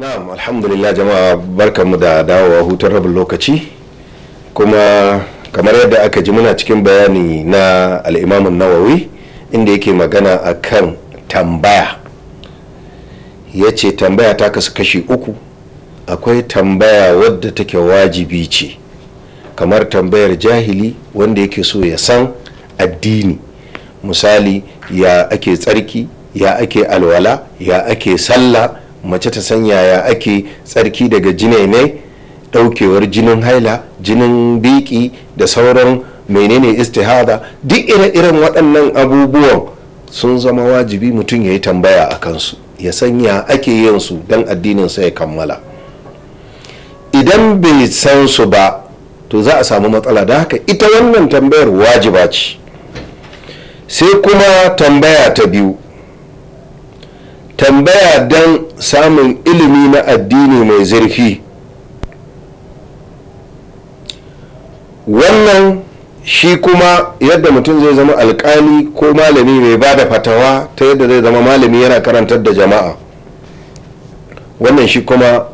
na'am alhamdulillah jama'a mu da dawowa hutun rabin lokaci kuma kamar yadda aka ji muna cikin bayani na al'imamun nawawi inda yake magana a kan tambaya ya ce tambaya ta kasu kashi uku akwai tambaya wadda take wajibi ce kamar tambayar jahili wanda yake so ya san addini misali ya ake tsarki ya ake alwala ya ake sallah mace ta san yaya ake tsarki daga ne, daukewar jinin haila jinin biki da sauran menene istihada duk ire-iren waɗannan abubuwan sun zama wajibi mutum ya yi tambaya a kansu ya sanya ake yin su don sa ya kammala idan bai san su ba to za a samu matsala da haka ita wannan tambayar wajiba ce sai kuma tambaya ta biyu tambaya don samun ilimi na addini mai zurfi wannan shi kuma yadda mutum zai zama alkali ko malami mai ba da fatawa ta yadda zai zama malami yana karantar da jama'a wannan shi kuma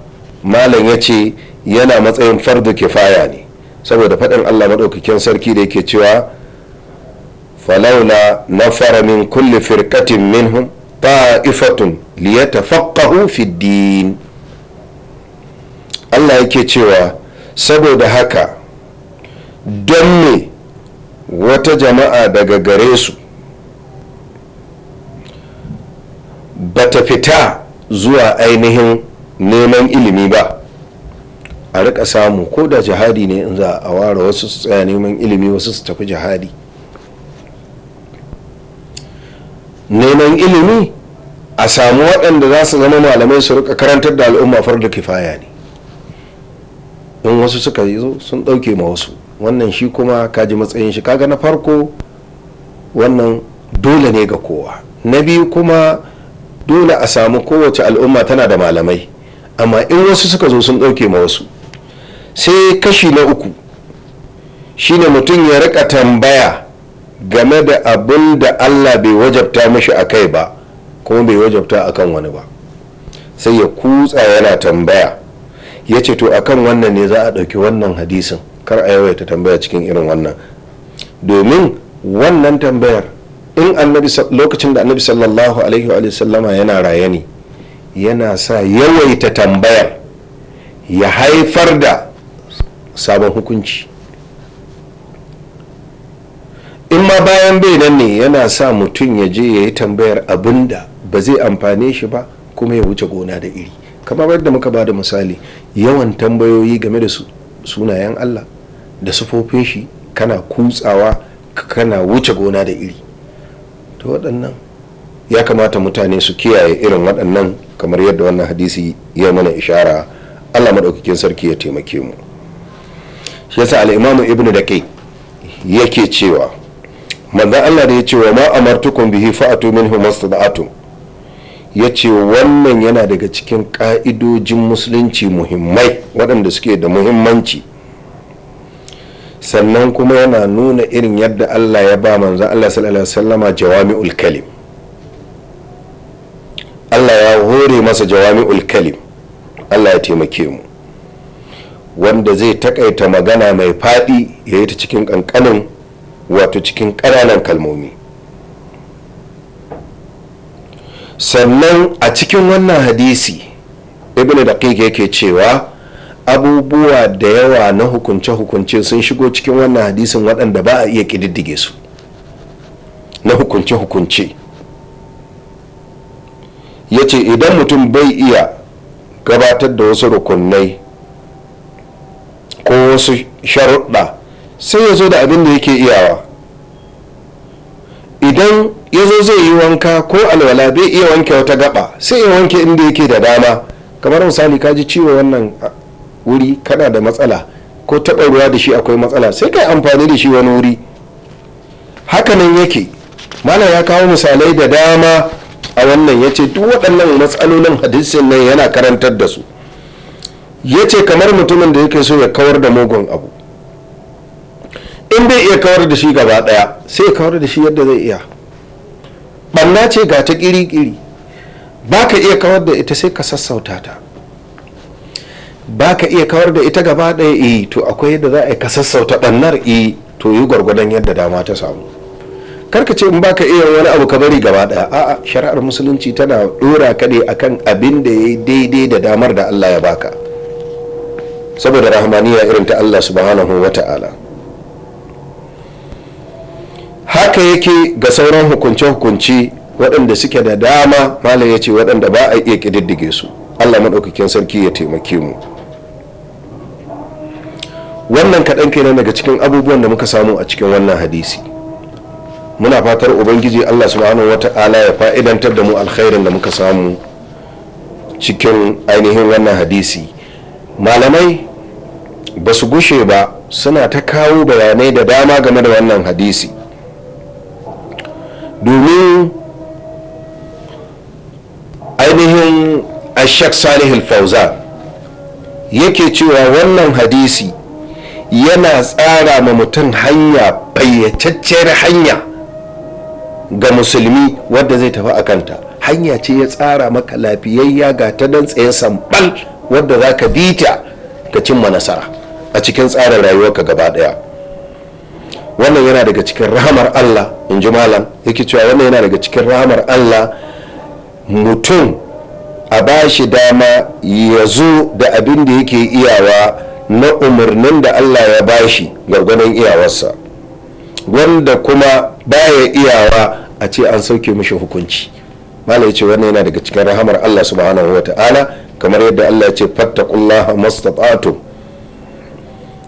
malam ya ce yana matsayin fardu kifaya ne saboda faɗin allah maɗaukakin sarki da yake cewa falaula na fara min kulle firkatin minhum ta'ifatun liyatafaqahu fi din Allah yake cewa saboda haka don me wata jama'a daga gare su ba ta fita zuwa ainihin neman ilimi ba a rika samu ko da jihadi ne in za a ware wasu su tsaya neman ilimi wasu su tafi jihadi neman ilimi a samu waɗanda za su zama malamai su rika karantar da al'umma farda kifaya ne in wasu suka yi zo sun ɗauke ma wasu wannan shi kuma kaji matsayin shi kaga na farko wannan dole ne ga kowa na biyu kuma dole a samu kowace al'umma tana da malamai amma in wasu suka zo sun ɗauke ma wasu sai kashi na uku shine mutum ya rika tambaya game da abin da allah bai wajabta mashi a kai ba kuma bai wajabta a kan wani ba sai ya kutsa yana tambaya ya ce to akan wannan ne za a ɗauki wannan hadisin kar a yawaita tambaya cikin irin wannan domin wannan tambayar in annabi lokacin da annabi sallallahu alaihi wa sallama yana raye ne yana sa yawaita tambayar ya haifar da sabon hukunci in ma bayan bai nan ne yana sa mutum ya je ya yi tambayar abin da ba zai amfane shi ba kuma ya wuce gona da iri kamar yadda muka ba da misali yawan tambayoyi game da sunayen allah da sufofin shi kana kutsawa kana wuce gona da iri to waɗannan ya kamata mutane su kiyaye irin waɗannan kamar yadda wannan hadisi ya mana ishara allah maɗaukakin sarki ya taimake mu shi yasa al'imamu ibnu da yake cewa manzan allah da ya ce wa ma amartukum bihi fa'atu da mastada'atum ya ce wannan yana daga cikin ka'idojin musulunci muhimmai waɗanda suke da muhimmanci sannan kuma yana nuna irin yadda allah ya ba manzan allah sallallahu sallama jawami kalim allah ya hore masa jawami'ul kalim allah ya taimake mu wanda zai takaita magana mai faɗi ya yi ta cikin ƙanƙanin wato cikin ƙananan kalmomi sannan a cikin wannan hadisi ibn daqiq yake cewa abubuwa da yawa na hukunce-hukunce sun shigo cikin wannan hadisin waɗanda ba a iya ƙididdige su na hukunce-hukunce ya ce idan mutum bai iya gabatar da wasu rukunai ko wasu sharuɗa sai ya zo da abin da yake iyawa idan ya zo zai yi wanka ko alwala bai iya wanke wata gaba sai ya wanke inda yake da dama kamar misali ka ji ciwo wannan wuri kana da matsala ko taɓa ruwa da shi akwai matsala sai kai amfani da shi wani wuri hakanan yake malam ya kawo misalai da dama a wannan ya ce duk waɗannan matsalolin hadisin nan yana karantar da su ya ce kamar mutumin da yake so ya kawar da mugun abu in bai iya kawar da shi gaba daya sai kawar da shi yadda zai iya banna ce ga ta kiri-kiri ba ka iya kawar da ita sai ka sassauta ta ba ka iya kawar da ita gaba daya eh to akwai yadda za a yi ka sassauta bannar eh to yi gwargwadon yadda dama ta samu karka ce in baka iya wani abu ka bari gaba daya a'a shari'ar musulunci tana dora ka ne akan abin da ya daidai da damar da Allah ya baka saboda rahmaniya irin ta Allah subhanahu wa ta'ala haka yake ga sauran hukunce-hukunce waɗanda suke da dama malam ya ce waɗanda ba a iya ƙididdige su allah maɗaukakin sarki ya taimake mu wannan kaɗan kenan daga cikin abubuwan da muka samu a cikin wannan hadisi muna fatar ubangiji allah subhanahu wata'ala ya fa'idantar da mu alkhairin da muka samu cikin ainihin wannan hadisi malamai ba su gushe ba suna ta kawo bayanai da dama game da wannan hadisi domin ainihin ashek salihul fauza yake cewa wannan hadisi yana tsara ma mutum hanya bayyatacciyar hanya ga musulmi wadda zai tafi a kanta hanya ce ya tsara maka lafiyayya ga ta don tsaye sambal wadda za ka bita ka cimma nasara a cikin tsarin rayuwarka gaba daya wannan yana daga cikin rahamar Allah in ji malam yake cewa wannan yana daga cikin rahamar Allah mutum a ba shi dama ya zo da abin da yake iyawa na umarnin da Allah ya ba shi gwargwadon iyawarsa wanda kuma baya iyawa a ce an sauke mishi hukunci malam ya ce wannan yana daga cikin rahamar Allah subhanahu wa ta'ala kamar yadda Allah ya ce fattaqullaha mastata'tum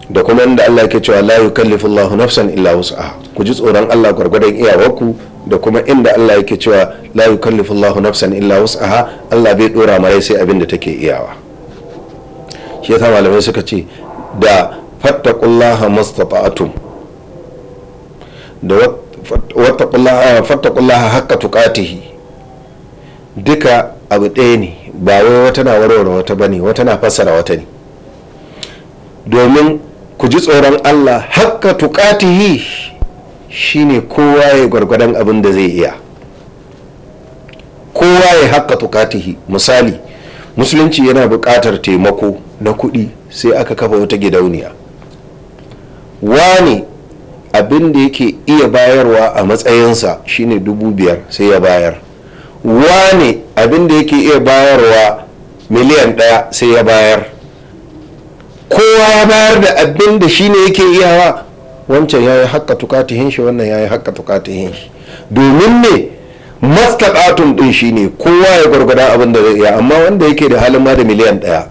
da kuma inda Allah yake cewa la yukallifu Allahu nafsan illa wus'aha ku ji tsoron Allah gwargwadon iyawarku da kuma inda Allah yake cewa la yukallifu Allahu nafsan illa wus'aha Allah bai dora marai sai abin da take iyawa shi yasa malamai suka ce da fattaqullaha mustata'atum da fattaqullaha haqqa tuqatihi duka abu ɗaya ne ba wai wata na warware wata bane wata na fassara wata ne domin ku ji tsoron Allah hakka tuƙatihi shine kowa ya gwargwadon abin da zai iya kowa ya haka tuƙatihi misali musulunci yana bukatar taimako na kuɗi sai aka kafa wata gidauniya wane abin da yake iya bayarwa a matsayinsa shine dubu biyar sai ya bayar wane abin da yake iya bayarwa miliyan ɗaya sai ya bayar kowa ya bayar da abin da shi ne yake iyawa wancan ya yi haƙƙa tukatihin shi wannan ya yi haƙƙa tukatihin shi domin ne mastaɗatun ɗin shi ne kowa ya gwargwada abin da zai iya amma wanda yake da halin ma da miliyan ɗaya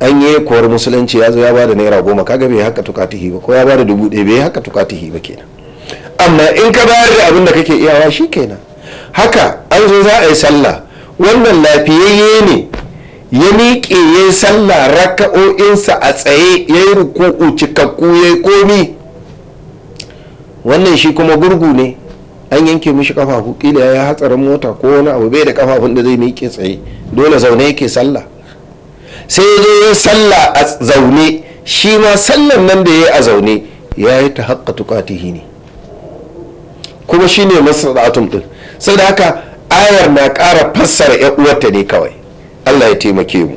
an yi kowar musulunci ya zo ya ba da naira goma kaga bai haƙƙa tukatihi ba ko ya ba da dubu ɗaya bai haƙƙa tukatihi ba kenan amma in ka bayar da abin da kake iyawa shi kenan haka an zo za a yi sallah wannan lafiyayye ne ya miƙe ya yi sallah raka'o'insa a tsaye ya yi ruku'u cikakku ya yi komi wannan shi kuma gurgu ne an yanke mishi kafafu ƙila ya yi hatsarin mota ko wani abu bai da kafafun da zai miƙe tsaye dole zaune yake sallah sai ya zo ya sallah a zaune shi ma sallan nan da ya yi a zaune ya yi ta haƙƙa tukatihi ne kuma shi ne masu ɗin sai da haka ayar na ƙara fassara 'yan uwarta ne kawai Allah ya taimake mu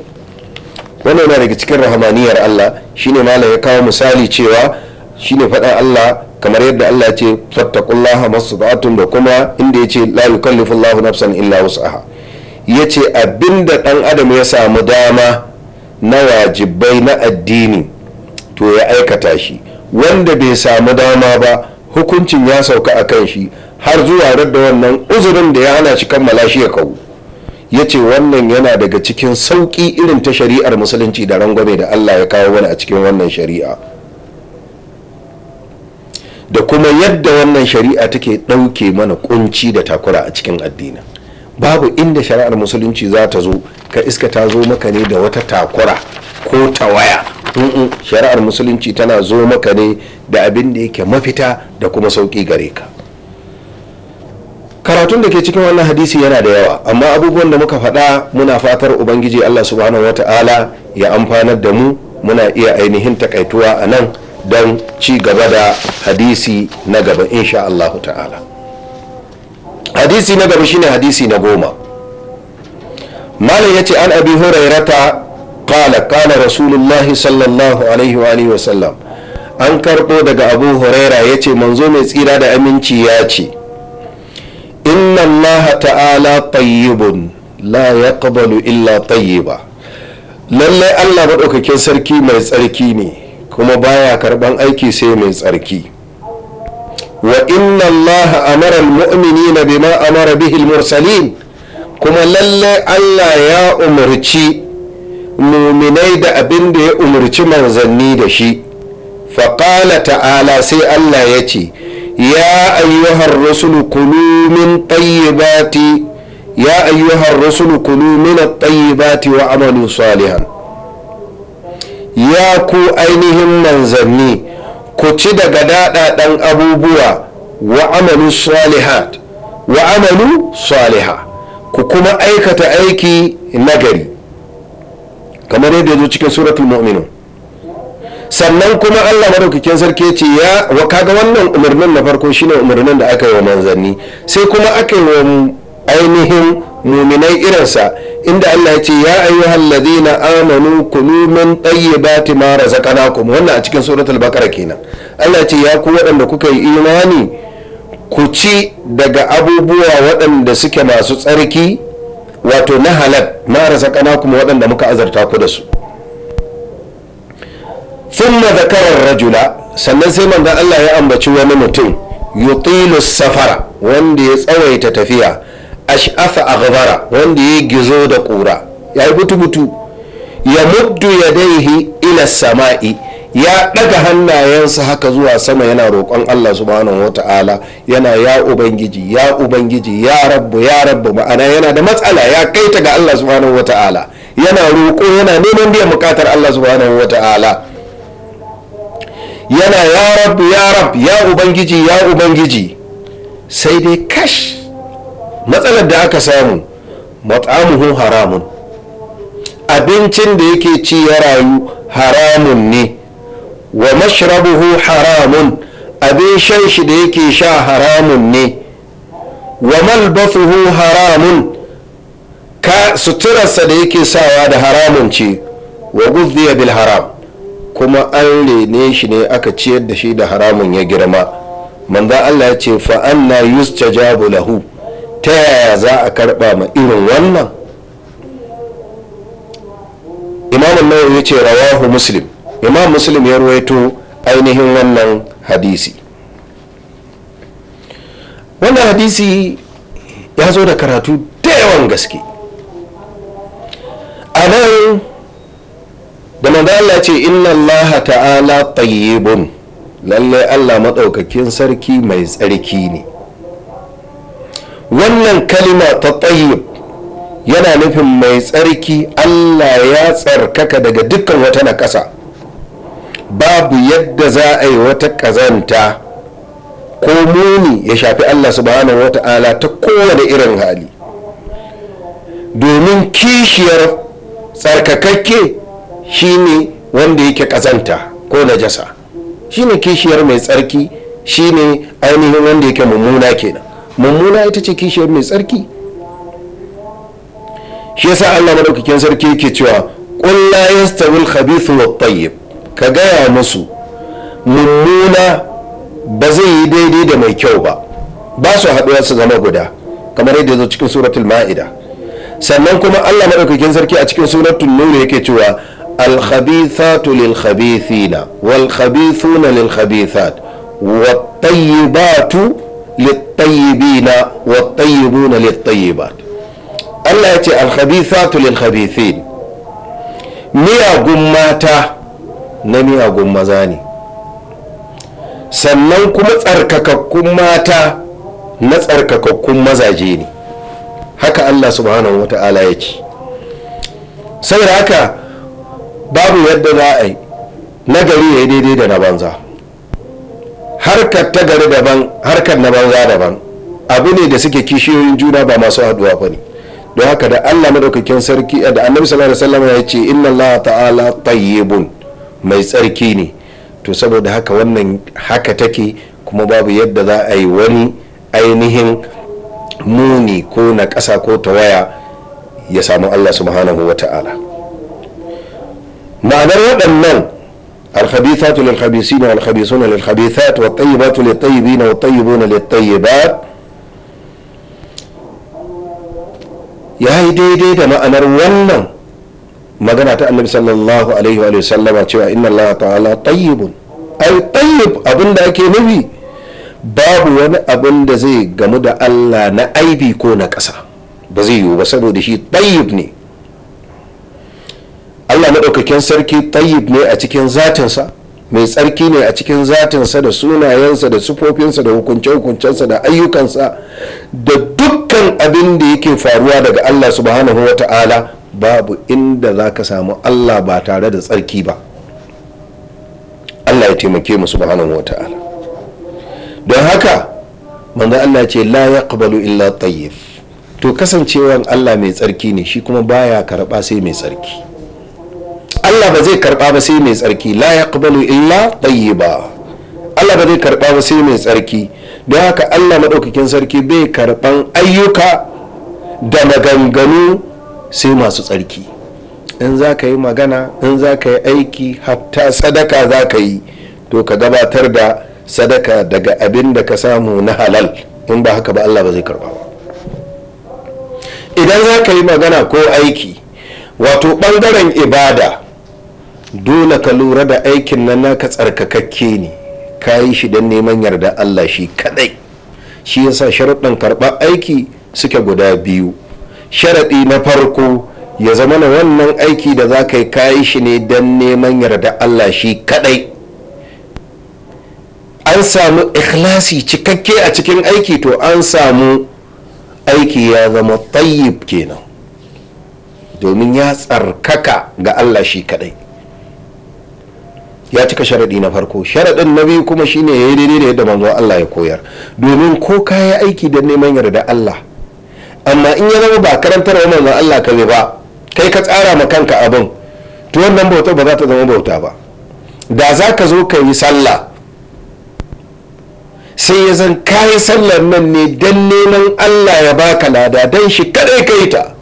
wannan yana daga cikin rahamaniyar Allah shine malam ya kawo misali cewa shine faɗa Allah kamar yadda Allah ya ce fattaqullaha mastata'tum da kuma inda yace ce la yukallifu Allahu nafsan illa wus'aha ya ce abinda dan adam ya samu dama na wajibai na addini to ya aikata shi wanda bai samu dama ba hukuncin ya sauka a kan shi har zuwa radda wannan uzurin da ya hana shi kammala shi ya kawo ya ce wannan yana daga cikin sauƙi irin ta shari'ar musulunci da rangwame da allah ya kawo wani a cikin wannan shari'a da kuma yadda wannan shari'a take ɗauke mana ƙunci da takura a cikin addinin babu inda shari'ar musulunci za ta zo ka iska ta zo maka ne da wata takura ko ta waya shari'ar musulunci tana zo maka ne da abin da yake mafita da kuma sauƙi gare ka karatun da ke cikin wannan hadisi yana da yawa amma abubuwan da muka faɗa muna fatar ubangiji allah subhanahu wata'ala ya amfanar da mu muna iya ainihin takaituwa a nan don ci gaba da hadisi na gaba insha allahu ta'ala hadisi na gaba shine hadisi na goma malam ya ce an abi hurairata kala kala rasulullahi sallallahu alaihi wa wa sallam an karɓo daga abu huraira ya ce manzo mai tsira da aminci ya ce inna allaha ta'ala tayyibun la yaqbalu illa tayyiba lallai allah maɗaukakin sarki mai tsarki ne kuma baya karɓan aiki sai mai tsarki wa inna allaha amara almu'minina bima amara bihil mursalin. kuma lallai allah ya umarci muminai da abin da ya umarci manzanni da shi faƙala ta'ala sai allah ya ce يا أيها الرسل كلوا من طيبات يا أيها الرسل كلوا من الطيبات وعملوا صالحا يا كو أينهم من منزلني كتد قداء دان أبو بوا وعملوا صالحات وعملوا صالحا كما أيكة أيكي نجري كما يدعو سورة المؤمنون sannan kuma Allah madaukakin sarki ce ya wa kaga wannan umarnin na farko shine umarnin da aka yi wa manzanni sai kuma aka yi wa ainihin muminai irinsa inda Allah ya ce ya ayyuhal ladina amanu kunu min tayyibati ma razaqnakum wannan a cikin suratul baqara kenan Allah ya ce ya ku waɗanda kuka yi imani ku ci daga abubuwa waɗanda suke masu tsarki wato na halal ma razaqnakum waɗanda muka azarta ku da su thumma zakara rajula sannan sai manzon Allah ya ambaci wani mutum yutilu safara wanda ya tsawaita tafiya ash'afa aghbara wanda ya gizo da kura ya yi butu-butu ya muddu yadaihi ila sama'i ya ɗaga hannayensa haka zuwa sama yana roƙon Allah subhanahu wata'ala yana ya ubangiji ya ubangiji ya rabbu ya rabbu ma'ana yana da matsala ya kaita ga Allah subhanahu wata'ala yana roƙo yana neman biyan bukatar Allah subhanahu wata'ala yana ya rab ya rab ya ubangiji ya ubangiji sai dai kash matsalar da aka samu mat'amuhu haramun abincin da yake ci ya rayu haramun ne wa mashrabuhu haramun abin shan shi da yake sha haramun ne wa malbasuhu haramun ka suturarsa da yake sawa da haramun ce wa guzziya bil haram kuma an rene shi ne aka ciyar da shi da haramun ya girma manzo Allah ya ce fa anna yustajabu lahu ta yaya za a karba ma irin wannan imam nawawi ya ce rawahu muslim imam muslim ya ruwaito ainihin wannan hadisi wannan hadisi ya zo da karatu da yawan gaske a nan da manzo Allah ce inna Allah ta'ala tayyibun lalle Allah madaukakin sarki mai tsarki ne wannan kalima ta tayyib yana nufin mai tsarki Allah ya tsarkaka daga dukkan wata nakasa babu yadda za a yi wata ƙazanta ko muni ya shafi Allah subhanahu wa ta'ala ta kowane irin hali domin kishiyar tsarkakakke shine wanda yake kazanta ko najasa shine kishiyar mai tsarki shine ainihin wanda yake mummuna kenan mummuna ita ce kishiyar mai tsarki shi yasa Allah madaukakin sarki yake cewa ƙulla la yastawi al tayyib ka gaya musu mummuna ba zai yi daidai da mai kyau ba ba su haɗuwa su zama guda kamar yadda zo cikin suratul ma'ida sannan kuma Allah madaukakin sarki a cikin suratul nur yake cewa الخبيثات للخبيثين والخبيثون للخبيثات والطيبات للطيبين والطيبون للطيبات الله يتي الخبيثات للخبيثين miyagun mata na miyagun maza ne sannan kuma tsarkakakkun mata na tsarkakakkun mazaje ne haka allah subhanahu wa ta'ala ya ce saboda haka babu yadda za a yi na ya yi daidai da na banza harkar ta gari daban harkar na banza daban abu ne da suke kishiyoyin juna ba masu haduwa ba ne don haka da allah madaukakin sarki da annabi sallallahu alaihi ya ce inna allah ta'ala tayyibun mai tsarki ne to saboda haka wannan haka take kuma babu yadda za a yi wani ainihin muni ko na ƙasa ko ta waya ya samu allah subhanahu wa ta'ala ma'anar waɗannan الخبيثات للخبيثين والخبيثون للخبيثات والطيبات للطيبين والطيبون للطيبات ya yi daidai da ma'anar wannan magana ta annabi sallallahu alaihi wa sallama cewa inna Allah ta'ala tayyibun ai tayyib abinda ake nufi babu wani abin da zai gamu da Allah na aibi ko na ƙasa ba zai yiwu ba saboda shi tayyib ne allah maɗaukakin sarki ɗayyib ne a cikin zatinsa mai tsarki ne a cikin zatinsa da sunayensa da sufofinsa da hukunce-hukuncensa da ayyukansa da dukkan abin da yake faruwa daga allah subhanahu wa ta'ala babu inda za ka samu allah ba tare da tsarki ba allah ya taimake mu subhanahu wa ta'ala don haka manzo allah ce la yaqbalu illa tayyib to kasancewan allah mai tsarki ne shi kuma baya karɓa sai mai tsarki Allah ba zai karba ba sai mai tsarki la yaqbalu illa ba Allah ba zai karba ba sai mai tsarki don haka Allah maɗaukakin sarki bai karɓan ayyuka da maganganu sai masu tsarki in za ka yi magana in za ka yi aiki hatta sadaka za ka yi to ka gabatar da sadaka daga abin da ka samu na halal in ba haka ba Allah ba zai karba ba idan za ka yi magana ko aiki wato ɓangaren ibada dole ka lura da aikin nan naka tsarkakakke ne ka yi shi don neman yarda Allah shi kadai shi yasa sharaɗin karɓar aiki suke guda biyu sharaɗi na farko ya zama na wannan aiki da za ka yi kayi shi ne don neman yarda Allah shi kadai an samu ikhlasi cikakke a cikin aiki to an samu aiki ya zama tayyib kenan domin ya tsarkaka ga Allah shi kadai ya cika sharaɗi na farko sharaɗin na biyu kuma shine ya yi daidai da yadda manzo Allah ya koyar domin ko ka yi aiki da neman yarda Allah amma in ya zama ba karantar wa manzo Allah ka ba kai ka tsara ma kanka abin to wannan bauta ba za ta zama bauta ba da za ka zo ka yi sallah sai ya zan kayi sallar nan ne don neman Allah ya baka lada don shi kadai kai ta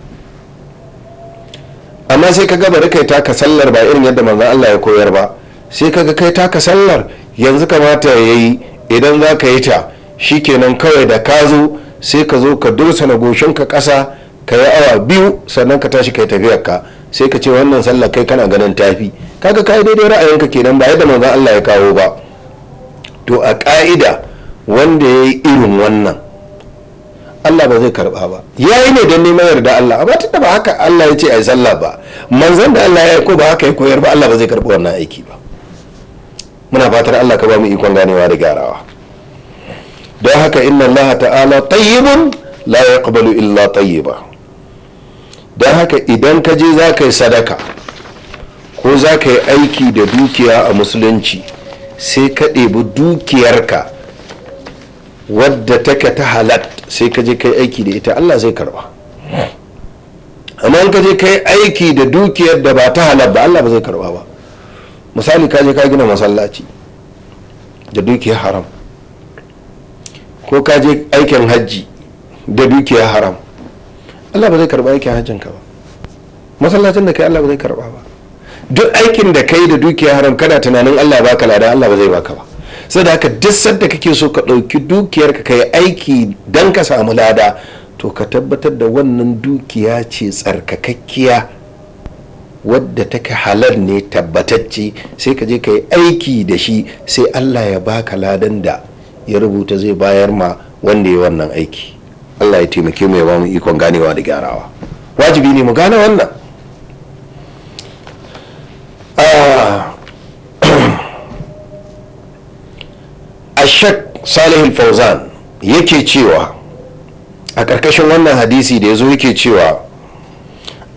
amma sai ka gaba da kai ta ka sallar ba irin yadda manzo Allah ya koyar ba sai kaga kai taka sallar yanzu kamata ya yi idan za ka yi ta shi kenan kawai da ka zo sai ka zo ka dursa na ka ƙasa ka yi awa biyu sannan ka tashi ka yi tafiyar ka sai ka ce wannan sallar kai kana ganin tafi kaga ka yi daidai ra'ayinka kenan ba yadda manzon Allah ya kawo ba to a ka'ida wanda ya yi irin wannan Allah ba zai karba ba ya yi ne don neman yarda Allah amma tunda ba haka Allah ya ce a yi sallah ba manzon da Allah ya yi ko ba haka ya koyar ba Allah ba zai karba wannan aiki ba muna fatar allah ka ba mu ikon ganewa da gyarawa don haka inna allah ta'ala tayyibun la yaqbalu illa tayyiba don haka idan ka je za ka yi sadaka ko za ka yi aiki da dukiya a musulunci sai ka ɗebi dukiyarka wadda take ta halat sai ka je kai aiki da ita allah zai karba amma in ka je kai aiki da dukiyar da ba ta halat ba allah ba zai karba ba misali ka je ka gina masallaci da dukiyar haram ko ka je aikin hajji da dukiyar haram allah ba zai karba aikin hajjin ka ba masallacin da kai allah ba zai karba ba duk aikin da kai da dukiyar haram kana tunanin allah baka lada allah ba zai baka ba sai da haka duk sanda kake so ka ɗauki dukiyar ka kai aiki don ka samu lada to ka tabbatar da wannan dukiya ce tsarkakakkiya wadda take halar ne tabbatacce sai ka je ka yi aiki da shi sai allah ya baka ladan da ya rubuta zai bayar ma wanda ya wannan aiki allah ya taimake mu ya ba mu ikon ganewa da gyarawa wajibi ne mu gane wannan ah, ashak salih fauzan yake cewa a ƙarƙashin wannan hadisi da ya zo yake cewa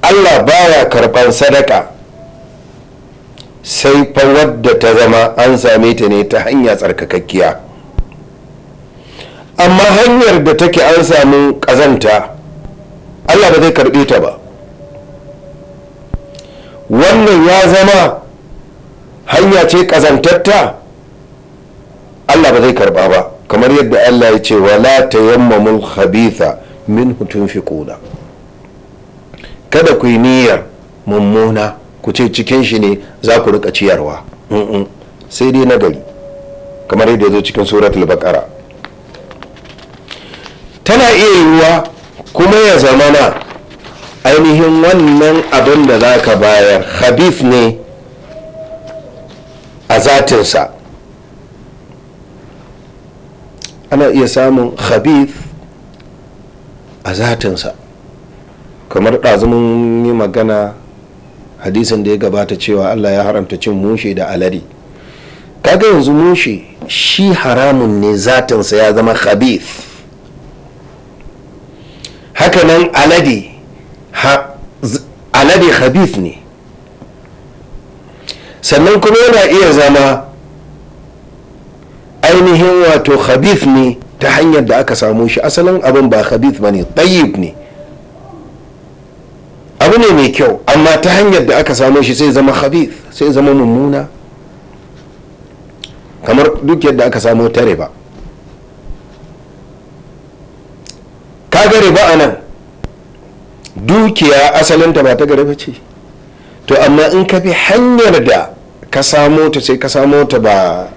allah baya karɓar sadaka sai fa wadda ta zama an same ta ne ta hanya tsarkakakkiya amma hanyar da take an samu kazanta allah ba zai karɓe ta ba wannan ya zama hanya ce kazantatta allah ba zai karɓa ba kamar yadda allah ya ce wala ta yammamul khabitha min hutun fi ƙuna kada ku yi niyyar mummuna ku ce cikin shi ne za ku rika ciyarwa sai dai na gari kamar yadda ya zo cikin surat baqara tana iya yiwuwa kuma ya zamana ainihin wannan abin da za ka bayar habif ne a zatinsa ana iya samun habif a zatinsa kamar ɗazumin yi magana hadisin da ya gabata cewa allah ya haramta cin mushe da alade kaga yanzu mushe shi haramun ne zatinsa ya zama khabith hakanan alade alade khabith ne sannan kuma yana iya zama ainihin wato khabith ne ta hanyar da aka samu shi asalin abin ba khabith ba ne ne abu ne mai kyau amma ta hanyar da aka samo shi sai zama khabith sai zama mummuna kamar duk yadda aka samo ta riba kaga riba a nan dukiya asalinta ba ta ba ce to amma in ka fi hanyar da ka samo ta sai ka samo ta ba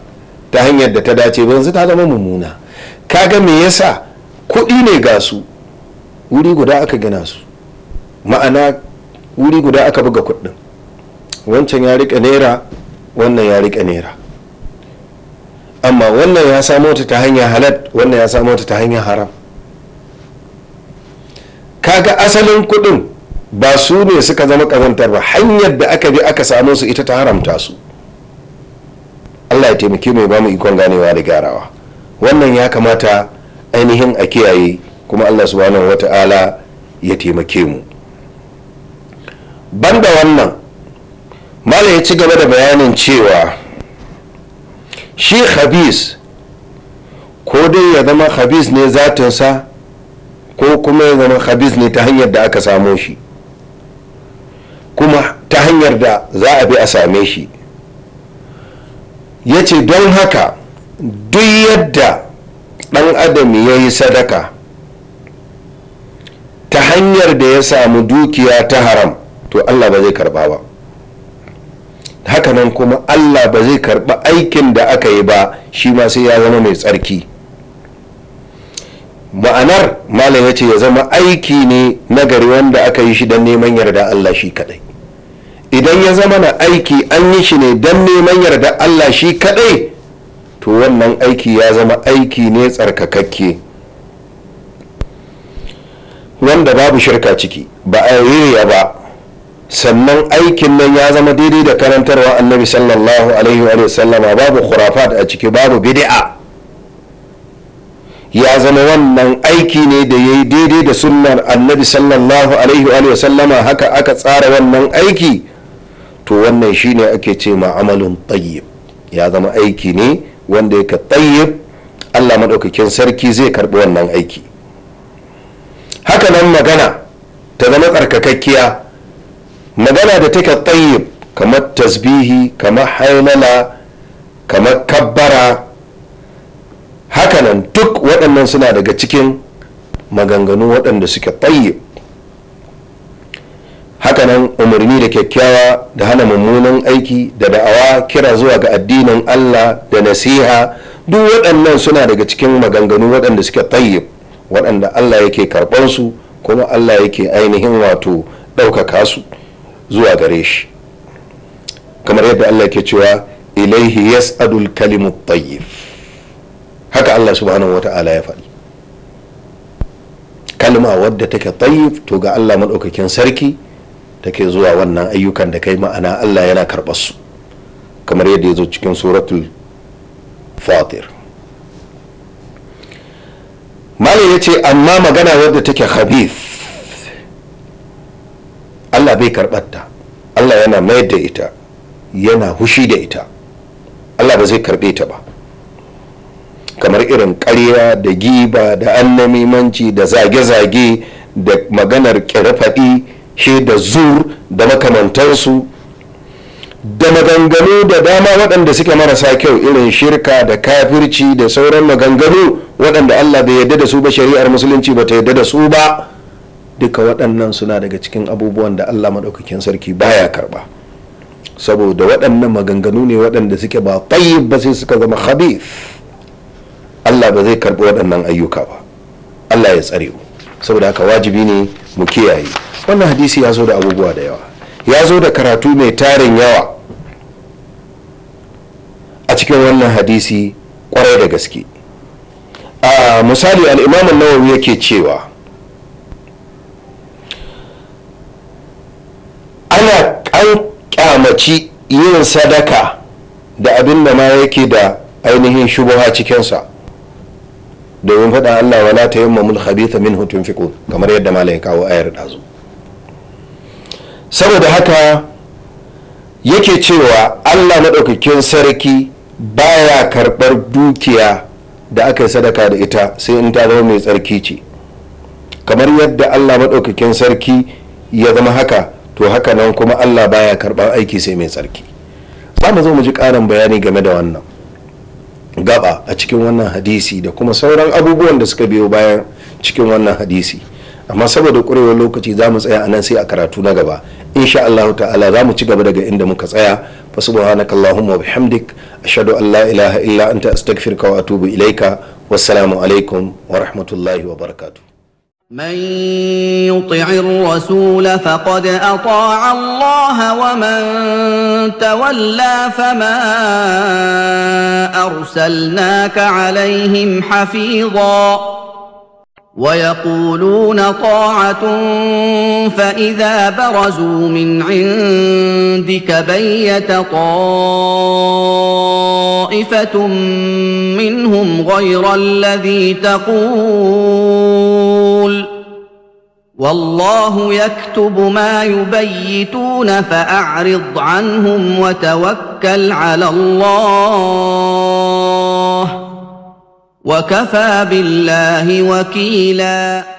ta hanyar da ta dace ba yanzu ta zama mummuna kaga me yasa kuɗi ne ga su wuri guda aka gina su ma'ana wuri guda aka buga kuɗin wancan ya rika naira wannan ya rika naira amma wannan ya samo ta ta hanyar halal wannan ya samo ta ta hanyar haram kaga asalin kuɗin ba su ne suka zama kazantar ba hanyar da aka bi aka samo su ita ta haramta su allah ya taimake mai ba mu ikon ganewa da gyarawa wannan ya kamata ainihin a kiyaye kuma allah subhanahu wata'ala ya taimake mu banda wannan mala ya ci gaba da bayanin cewa shi habis ko dai ya zama habis ne zatinsa ko kuma ya zama habis ne ta hanyar da aka samo shi kuma ta hanyar da za a bi a same shi ya ce don haka duk yadda dan adam ya yi sadaka ta hanyar da ya samu dukiya ta haram to allah ba zai karba ba hakanan kuma allah ba zai karba aikin da aka yi ba shi ma sai ya zama mai tsarki ma'anar malam ya ce ya zama aiki ne nagari wanda aka yi shi don neman yarda allah shi kadai idan ya zama na aiki an yi shi ne don neman yarda allah shi kadai to wannan aiki ya zama aiki ne tsarkakakke wanda babu shirka ciki ba a yi ba sannan aikin nan ya zama daidai da karantarwa annabi sallallahu alaihi wa sallama babu khurafat a ciki babu bid'a ya zama wannan aiki ne da ya yi daidai da sunnar annabi sallallahu alaihi wa sallama haka aka tsara wannan aiki to wannan shine ake ce ma'amalin tayyib ya zama aiki ne wanda yake tayyib allah maɗaukakin sarki zai karɓi wannan aiki haka nan magana ta zama tsarkakakkiya magana da take tayyib kamar tasbihi kamar hainala kamar kabbara hakanan duk waɗannan suna daga cikin maganganu waɗanda suke tayyib hakanan umarni da kyakkyawa da hana mummunan aiki da da'awa kira zuwa ga addinin allah da nasiha duk waɗannan suna daga cikin maganganu waɗanda suke tayyib waɗanda allah yake su kuma allah yake ainihin wato ɗaukaka su zuwa gare shi kamar yadda Allah ke cewa ilaihi yas'adul kalimu tayyib haka Allah subhanahu ta'ala ya faɗi kalma wadda take tayyib to ga Allah maɗaukakin sarki take zuwa wannan ayyukan da kai ma'ana Allah yana karɓar su kamar yadda ya zo cikin suratul fatir malam ya ce amma magana wadda take khabith Allah bai karɓarta. Allah yana mayar da ita yana hushi da ita Allah ba zai karɓe ta ba kamar irin ƙarya da giba da annamimanci da zage-zage da maganar ƙirfaɗi, shi da zur da makamantansu da maganganu da dama waɗanda suke marasa kyau irin shirka da kafirci da sauran maganganu waɗanda allah bai yadda da su ba shari'ar musulunci ba ta yadda da su ba duka waɗannan suna daga cikin abubuwan da allah maɗaukakin sarki baya karɓa saboda waɗannan maganganu ne waɗanda suke ba tayyib ba sai suka zama khabif allah ba zai karɓi waɗannan ayyuka ba allah ya tsare mu saboda haka wajibi ne mu kiyaye wannan hadisi ya zo da abubuwa da yawa ya zo da karatu mai tarin yawa a cikin wannan hadisi kwarai da gaske a misali al'imamun nawawi yake cewa an kyamaci yin sadaka da abin da ma yake da ainihin shubuha cikinsa domin faɗa Allah wala ta yi mamul habita min hutun fiƙo kamar yadda mala ya kawo ayar ɗazu saboda haka yake cewa Allah maɗaukakin sarki baya karɓar dukiya da aka yi sadaka da ita sai in ta zama mai tsarki ce kamar yadda Allah maɗaukakin sarki ya zama haka to haka nan kuma allah baya karɓar aiki sai mai tsarki za mu zo mu ji ƙarin bayani game da wannan gaba a cikin wannan hadisi da kuma sauran abubuwan da suka biyo bayan cikin wannan hadisi amma saboda ƙurewar lokaci za mu tsaya a nan sai a karatu na gaba insha allahu ta'ala za mu ci gaba daga inda muka tsaya fa subhanaka allahumma wa bihamdik ashhadu an la ilaha illa anta astaghfiruka wa atubu ilaika wassalamu alaikum wa rahmatullahi wa barakatuh من يطع الرسول فقد اطاع الله ومن تولى فما ارسلناك عليهم حفيظا ويقولون طاعه فاذا برزوا من عندك بيت طائفه منهم غير الذي تقول والله يكتب ما يبيتون فاعرض عنهم وتوكل على الله وكفى بالله وكيلاً